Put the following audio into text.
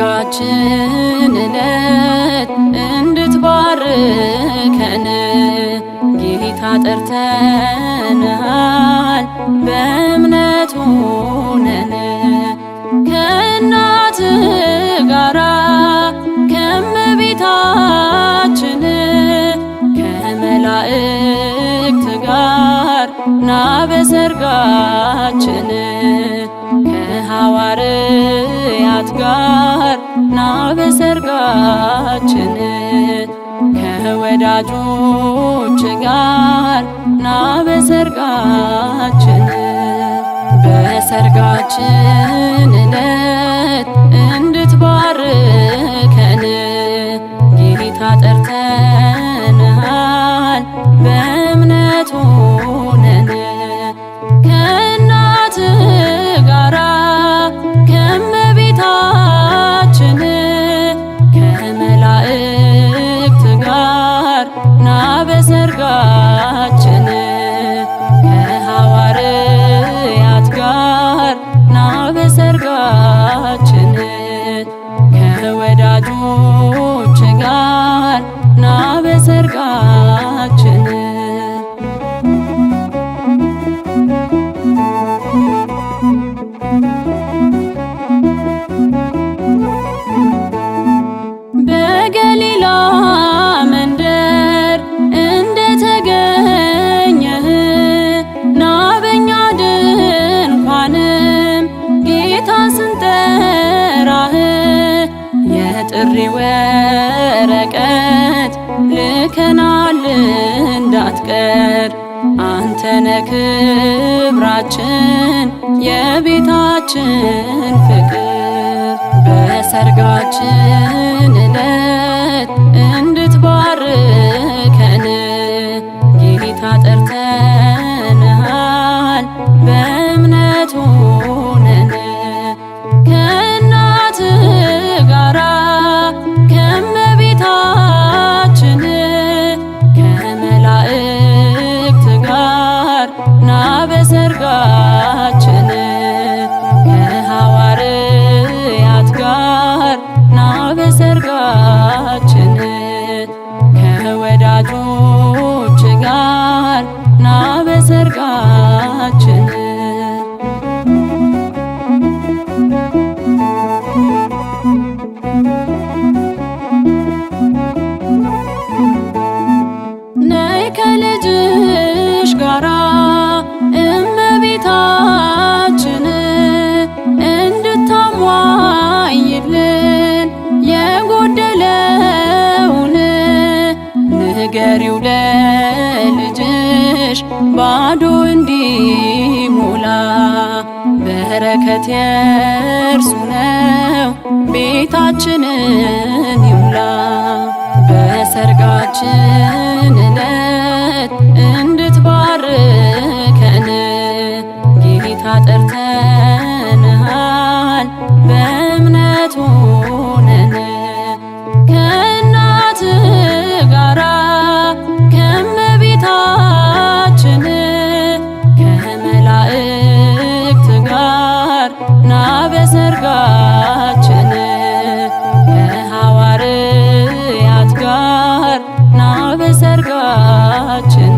በጸጋችን እንድትባርከን ጌታ ጠርተናል። በእምነቱ ነን ከእናት ጋራ ከመቤታችን ከመላእክት ጋር ና በሰርጋችን ከሐዋርያት ጋር በሰርጋችን ከወዳጆች ጋር ና በሰርጋችን በሰርጋችን ዕለት እንድትባርከን ጌታ ጠርተን ዋጋችን ጥሪ ወረቀት ልከናል እንዳትቀር አንተነ ክብራችን የቤታችን ፍቅር በሰርጋችን ዕለት እንድትባርከን ጌታ ጠርተንሃል በእምነቱ ዋጋችን በረከት የእርሱ ነው ቤታችንን ይሙላ በሰርጋችን ዕለት በሰርጋችን ከሐዋርያት ጋር ና በሰርጋችን